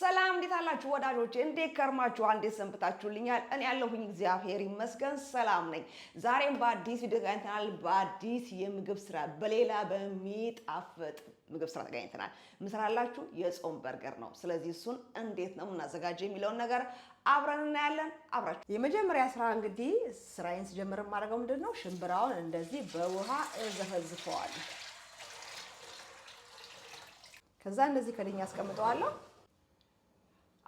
ሰላም እንዴት አላችሁ ወዳጆች? እንዴት ከርማችሁ? እንዴት ሰንብታችሁልኛል? እኔ ያለሁኝ እግዚአብሔር ይመስገን ሰላም ነኝ። ዛሬም በአዲስ ቪዲዮ ተገናኝተናል። በአዲስ የምግብ ስራ፣ በሌላ በሚጣፍጥ ምግብ ስራ ተገናኝተናል። ምስራላችሁ የጾም በርገር ነው። ስለዚህ እሱን እንዴት ነው የምናዘጋጀው የሚለውን ነገር አብረን እናያለን። አብራችሁ የመጀመሪያ ስራ እንግዲህ ስራዬን ስጀምር የማደርገው ምንድን ነው ሽምብራውን እንደዚህ በውሃ እዘፈዝፈዋለሁ። ከዛ እንደዚህ ከድኛ አስቀምጠዋለሁ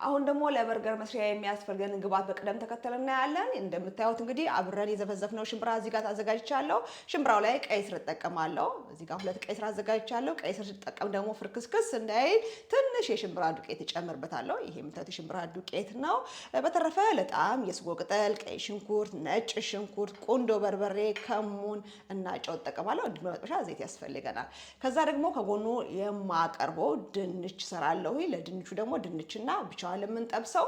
አሁን ደግሞ ለበርገር መስሪያ የሚያስፈልገን ግብአት በቅደም ተከተል እናያለን። እንደምታዩት እንግዲህ አብረን የዘፈዘፍነው ሽምብራ እዚህ ጋር አዘጋጅቻለሁ። ሽምብራው ላይ ቀይ ስር እጠቀማለሁ። እዚህ ጋር ሁለት ቀይ ስር አዘጋጅቻለሁ። ቀይ ስር ስጠቀም ደግሞ ፍርክስክስ እንዳይል ትንሽ የሽምብራ ዱቄት እጨምርበታለሁ። ይሄ የምታዩት የሽምብራ ዱቄት ነው። በተረፈ ለጣም የስጎ ቅጠል፣ ቀይ ሽንኩርት፣ ነጭ ሽንኩርት፣ ቁንዶ በርበሬ፣ ከሙን እና ጨው እጠቀማለሁ። እንዲሁም መጥበሻ ዘይት ያስፈልገናል። ከዛ ደግሞ ከጎኑ የማቀርበው ድንች ሰራለሁ። ለድንቹ ደግሞ ድንችና ብቻ ይመቸዋል የምንጠብሰው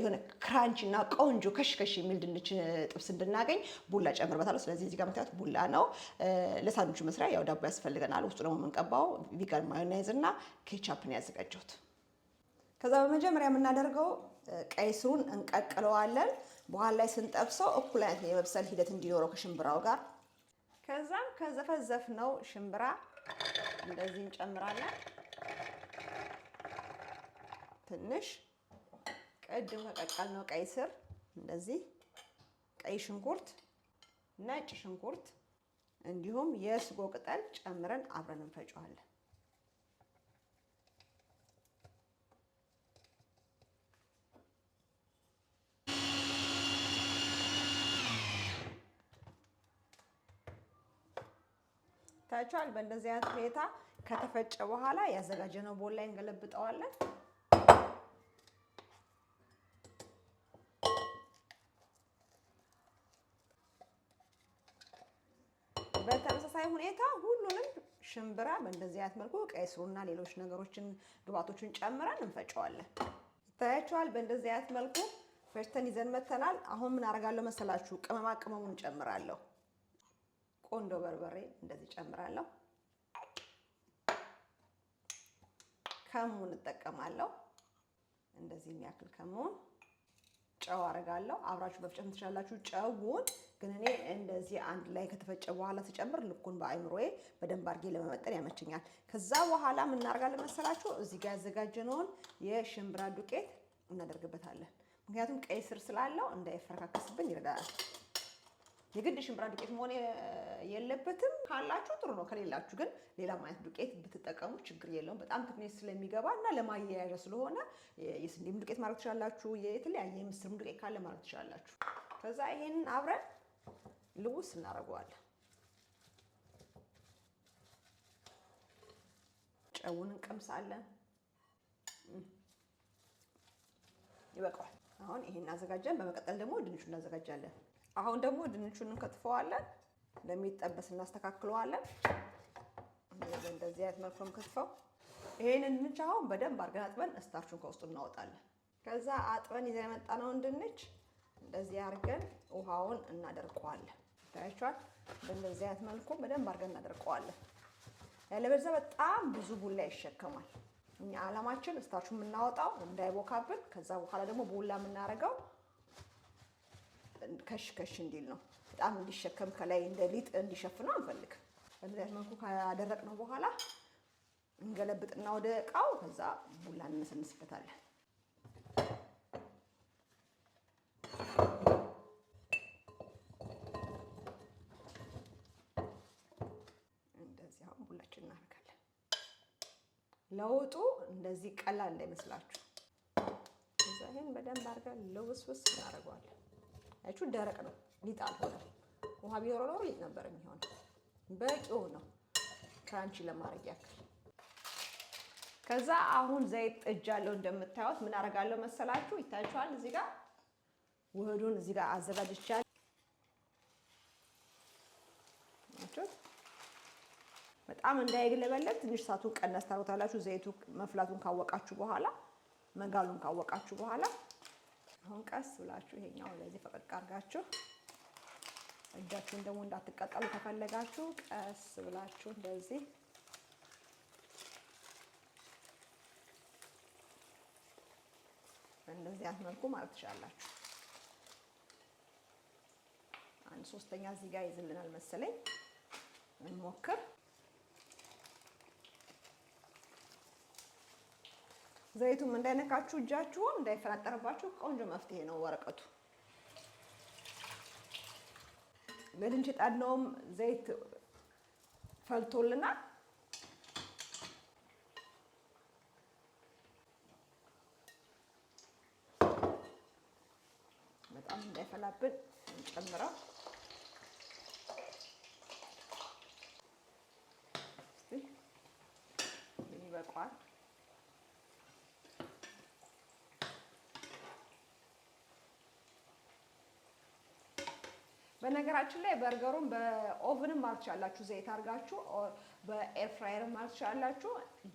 የሆነ ክራንች እና ቆንጆ ከሽከሽ የሚል ድንች ጥብስ እንድናገኝ ቡላ ጨምርበታለሁ። ስለዚህ እዚህ ጋር ምክንያት ቡላ ነው። ለሳንዱቹ መስሪያ ያው ዳቦ ያስፈልገናል። ውስጡ ደግሞ የምንቀባው ቪጋን ማዮናይዝ እና ኬቻፕን ያዘጋጀሁት። ከዛ በመጀመሪያ የምናደርገው ቀይ ስሩን እንቀቅለዋለን። በኋላ ላይ ስንጠብሰው እኩል አይነት የመብሰል ሂደት እንዲኖረው ከሽምብራው ጋር ከዛም ከዘፈዘፍ ነው ሽምብራ እንደዚህ እንጨምራለን። ትንሽ ቅድም ነው ቀይ ስር እንደዚህ ቀይ ሽንኩርት፣ ነጭ ሽንኩርት እንዲሁም የስጎ ቅጠል ጨምረን አብረን እንፈጨዋለን። ታችኋል። በእንደዚህ አይነት ሁኔታ ከተፈጨ በኋላ ያዘጋጀነው ቦል ላይ እንገለብጠዋለን። በተመሳሳይ ሁኔታ ሁሉንም ሽምብራ በእንደዚህ አይነት መልኩ ቀይ ስሩና ሌሎች ነገሮችን ግብአቶችን ጨምረን እንፈጨዋለን። ይታያቸዋል። በእንደዚህ አይነት መልኩ ፈጭተን ይዘን መተናል። አሁን ምን አደርጋለሁ መሰላችሁ? ቅመማ ቅመሙን ጨምራለሁ። ቆንዶ በርበሬ እንደዚህ ጨምራለሁ። ከሙን እጠቀማለሁ። እንደዚህ የሚያክል ከሙን ጨው አረጋለሁ። አብራችሁ መፍጨት ትችላላችሁ ጨውን ግን እኔ እንደዚህ አንድ ላይ ከተፈጨ በኋላ ስጨምር ልኩን በአይምሮዬ በደንብ አድርጌ ለመመጠን ያመቸኛል። ከዛ በኋላ የምናደርጋለን መሰላችሁ እዚህ ጋር ያዘጋጀነውን የሽምብራ ዱቄት እናደርግበታለን። ምክንያቱም ቀይ ስር ስላለው እንዳይፈረካከስብን ይረዳናል። የግድ ሽምብራ ዱቄት መሆን የለበትም። ካላችሁ ጥሩ ነው፣ ከሌላችሁ ግን ሌላም አይነት ዱቄት ብትጠቀሙ ችግር የለውም። በጣም ትክኔት ስለሚገባ እና ለማያያዣ ስለሆነ የስንዴም ዱቄት ማድረግ ትችላላችሁ። የተለያየ የምስርም ዱቄት ካለ ማድረግ ትችላላችሁ። ከዛ ይሄንን አብረን ልውስ እናደርገዋለን። ጨውን እንቀምሳለን። ይበቃዋል። አሁን ይሄን እናዘጋጃለን። በመቀጠል ደግሞ ድንቹ እናዘጋጃለን። አሁን ደግሞ ድንቹን እንከትፈዋለን። ለሚጠበስ እናስተካክለዋለን። እንደዚህ አይነት መልኩ እንከትፈው። ይሄንን ድንች አሁን በደንብ አድርገን አጥበን እስታርቹን ከውስጡ እናወጣለን። ከዛ አጥበን ይዘን የመጣነውን ድንች እንደዚህ አድርገን ውሃውን እናደርቀዋለን። ታያችኋል። በእንደዚህ አይነት መልኩ በደንብ አድርገን እናደርቀዋለን። ያለበዛ በጣም ብዙ ቡላ ይሸከማል። እኛ አላማችን እስታርቹን የምናወጣው እንዳይቦካብን፣ ከዛ በኋላ ደግሞ ቡላ የምናደርገው ከሽ ከሽ እንዲል ነው። በጣም እንዲሸከም ከላይ እንደ ሊጥ እንዲሸፍነው አንፈልግም። በዚህ መልኩ ካደረቅነው በኋላ እንገለብጥና ወደ እቃው ከዛ ቡላ እንመሰንስበታለን። እንደዚህ አሁን ቡላችን እናደርጋለን። ለውጡ እንደዚህ ቀላል እንዳይመስላችሁ። እዛ በደንብ አድርገን ልውስውስ እናደርገዋለን። አያችሁ ደረቅ ነው፣ ሊጥ አልሆነም። ውሃ ቢኖረው ኖሮ ሊጥ ነበር የሚሆነው። በቂው ነው ክራንቺ ለማድረግ ያክል። ከዛ አሁን ዘይት ጥጃለሁ። እንደምታዩት ምን አደርጋለሁ መሰላችሁ? ይታችኋል። እዚህ ጋር ውህዱን እዚህ ጋር አዘጋጅቻለሁ። በጣም እንዳይግለበለብ ትንሽ እሳቱን ቀነስ ታደርጉታላችሁ። ዘይቱ መፍላቱን ካወቃችሁ በኋላ መጋሉን ካወቃችሁ በኋላ አሁን ቀስ ብላችሁ ይሄኛው እንደዚህ ፈቀቅ አርጋችሁ እጃችሁን ደግሞ እንዳትቀጠሉ ከፈለጋችሁ ቀስ ብላችሁ እንደዚህ እንደዚህ መልኩ ማለት ትችላላችሁ። አንድ ሶስተኛ እዚህ ጋር ይዝልናል መሰለኝ እንሞክር። ዘይቱም እንዳይነካችሁ እጃችሁን እንዳይፈናጠርባችሁ ቆንጆ መፍትሄ ነው ወረቀቱ። በድንች ጣድነውም ዘይት ፈልቶልናል። በጣም እንዳይፈላብን እንጨምረው። በነገራችን ላይ በርገሩን በኦቭንም ማለት ትችላላችሁ፣ ዘይት አድርጋችሁ በኤርፍራየር ፍራየርም ማለት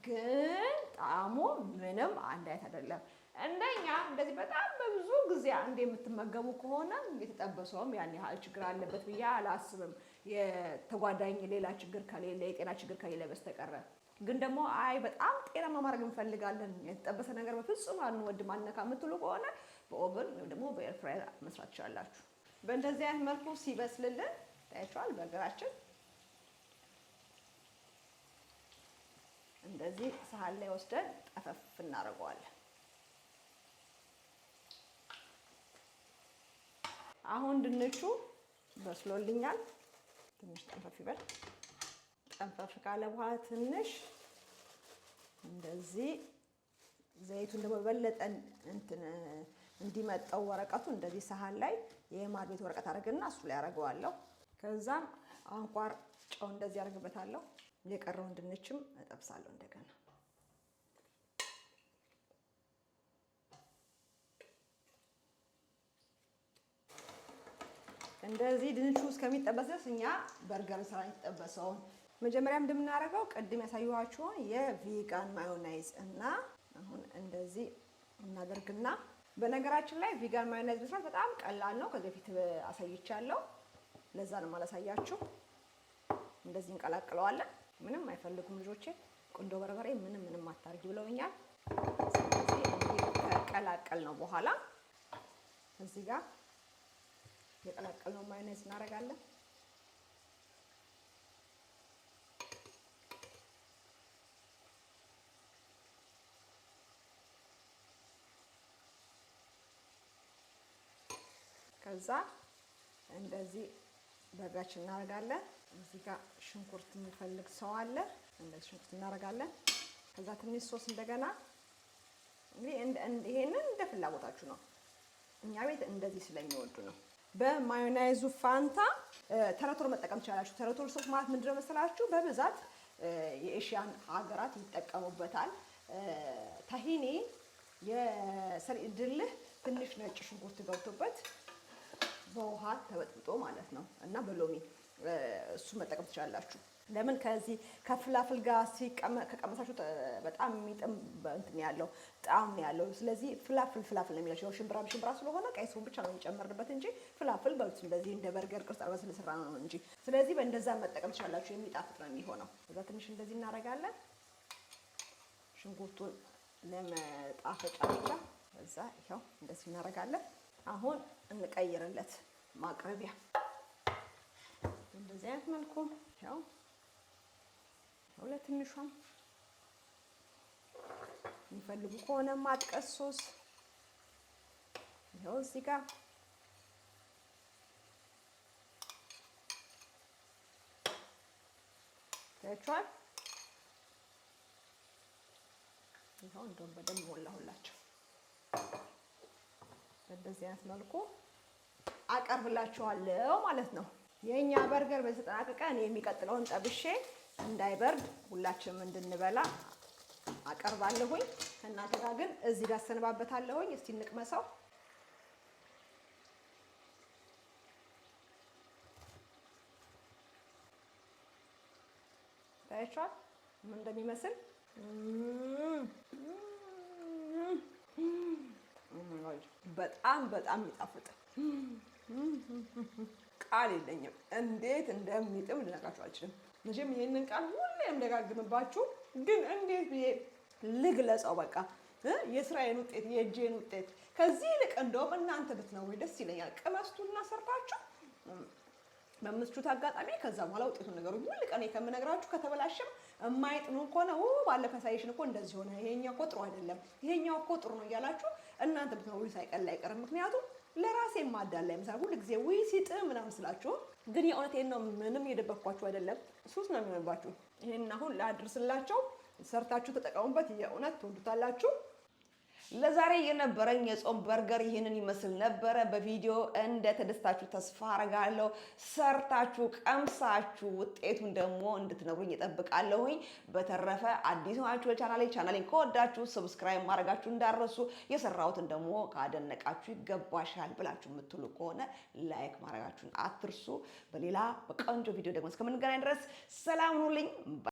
ግን ጣዕሙ ምንም አንድ አይነት አይደለም። እንደኛ እንደዚህ በጣም በብዙ ጊዜ አንድ የምትመገቡ ከሆነ የተጠበሰውም ያን ያህል ችግር አለበት ብዬ አላስብም። የተጓዳኝ ሌላ ችግር ከሌለ የጤና ችግር ከሌለ በስተቀረ ግን ደግሞ አይ በጣም ጤናማ ማድረግ እንፈልጋለን፣ የተጠበሰ ነገር በፍጹም አንወድም፣ አንነካ የምትሉ ከሆነ በኦቨን ወይም ደግሞ በኤርፍራየር መስራት ትችላላችሁ። በእንደዚህ አይነት መልኩ ሲበስልልን ታያችኋል። በእግራችን እንደዚህ ሳህን ላይ ወስደን ጠፈፍ እናደርገዋለን። አሁን ድንቹ በስሎልኛል። ትንሽ ጠንፈፍ ይበል። ጠንፈፍ ካለ በኋላ ትንሽ እንደዚህ ዘይቱን ደግሞ በበለጠን እንትን እንዲመጣው ወረቀቱ እንደዚህ ሳህን ላይ የማር ቤት ወረቀት አደርግና እሱ ላይ አደርገዋለሁ። ከዛም አንኳር ጨው እንደዚህ አደርግበታለሁ። የቀረውን ድንችም እጠብሳለሁ እንደገና እንደዚህ ድንቹ እስከሚጠበስ ድረስ እኛ በርገር ስራ የሚጠበሰውን መጀመሪያ እንደምናደርገው ቅድም ያሳየኋችሁን የቪጋን ማዮናይዝ እና አሁን እንደዚህ እናደርግና በነገራችን ላይ ቪጋን ማዮኔዝ መስራት በጣም ቀላል ነው። ከዚህ በፊት አሳይቻለሁ። ለዛ ነው ማላሳያችሁ። እንደዚህ እንቀላቅለዋለን። ምንም አይፈልጉም ልጆቼ። ቁንዶ በርበሬ ምንም ምንም አታርጊ ብለውኛል። ስለዚህ ከቀላቀል ነው በኋላ እዚህ ጋር የቀላቀልነው ማዮኔዝ እናደርጋለን። ከዛ እንደዚህ በጋች እናደርጋለን። እዚህ ጋር ሽንኩርት የሚፈልግ ሰው አለ። እንደዚህ ሽንኩርት እናደርጋለን። ከዛ ትንሽ ሶስ እንደገና እንግዲህ ይሄንን እንደ ፍላጎታችሁ ነው። እኛ ቤት እንደዚህ ስለሚወዱ ነው። በማዮናይዙ ፋንታ ተረቶር መጠቀም ትችላላችሁ። ተረቶር ሶስ ማለት ምንድን ነው መሰላችሁ? በብዛት የኤሽያን ሀገራት ይጠቀሙበታል። ታሂኒ የሰሪ ድልህ ትንሽ ነጭ ሽንኩርት ገብቶበት በውሃ ተበጥብጦ ማለት ነው እና በሎሚ እሱ መጠቀም ትችላላችሁ። ለምን ከዚህ ከፍላፍል ጋር ሲከቀመሳችሁ በጣም የሚጥም እንትን ያለው ጣዕም ያለው። ስለዚህ ፍላፍል ፍላፍል ነው የሚላቸው። ሽምብራ ሽምብራ ስለሆነ ቀይ ስሩን ብቻ ነው የሚጨመርበት እንጂ ፍላፍል በሉት እንደዚህ እንደ በርገር ቅርጽ አርባ ስለሰራ ነው እንጂ። ስለዚህ በእንደዛ መጠቀም ትችላላችሁ። የሚጣፍጥ ነው የሚሆነው። እዛ ትንሽ እንደዚህ እናደርጋለን ሽንኩርቱን ለመጣፈጫ ብቻ። እዛ ይኸው እንደዚህ እናደርጋለን። አሁን እንቀይርለት ማቅረቢያ እንደዚህ አይነት መልኩ ያው ለትንሿም የሚፈልጉ ከሆነ ማጥቀስ ሶስ ይኸው እዚህ ጋር ታያችኋል። ይኸው እንደውም በደንብ ሞላሁላቸው። በዚህ አይነት መልኩ አቀርብላችኋለሁ ማለት ነው። የእኛ በርገር በተጠናቀቀ እኔ የሚቀጥለውን ጠብሼ እንዳይበርድ ሁላችንም እንድንበላ አቀርባለሁኝ። ከእናንተ ጋር ግን እዚህ ጋር ሰነባበታለሁኝ። እስቲ እንቅመሰው። ታያችኋል ምን እንደሚመስል በጣም በጣም ይጣፍጥ ቃል የለኝም። እንዴት እንደሚጥም ልነግራችሁ አልችልም። መቼም ይህንን ቃል ሁሌም ደጋግምባችሁ፣ ግን እንዴት ብዬ ልግለጸው? በቃ የስራዬን ውጤት የእጄን ውጤት ከዚህ ይልቅ እንደውም እናንተ ብትነው ደስ ይለኛል። ቅመስቱና ሰርታችሁ በምስቹት አጋጣሚ ከዛ በኋላ ውጤቱን ነገሩ ሁል ቀን ከምነግራችሁ ከተበላሸም የማይጥኑ ከሆነ ባለፈ ሳይሽን እኮ እንደዚህ ሆነ፣ ይሄኛው እኮ ጥሩ አይደለም፣ ይሄኛው እኮ ጥሩ ነው እያላችሁ እናንተ ብትነግሩኝ ሳይቀል አይቀርም። ምክንያቱም ለራሴ ማዳላ ላይ ምሳሌ ሁልጊዜ ውይ ሲጥ ምናምን ስላችሁ፣ ግን የእውነት ነው፣ ምንም የደበኳችሁ አይደለም። ሱስ ነው የሚሆንባችሁ። ይህን አሁን ላድርስላቸው፣ ሰርታችሁ ተጠቀሙበት። የእውነት ትወዱታላችሁ። ለዛሬ የነበረኝ የጾም በርገር ይህንን ይመስል ነበረ። በቪዲዮ እንደ ተደስታችሁ ተስፋ አረጋለሁ። ሰርታችሁ ቀምሳችሁ ውጤቱን ደግሞ እንድትነግሩኝ እጠብቃለሁኝ። በተረፈ አዲስ ናችሁ ለቻናሌ ቻናሌን ከወዳችሁ ሰብስክራይብ ማድረጋችሁ እንዳረሱ፣ የሰራሁትን ደግሞ ካደነቃችሁ ይገባሻል ብላችሁ የምትሉ ከሆነ ላይክ ማድረጋችሁን አትርሱ። በሌላ በቆንጆ ቪዲዮ ደግሞ እስከምንገናኝ ድረስ ሰላም ሁኑልኝ።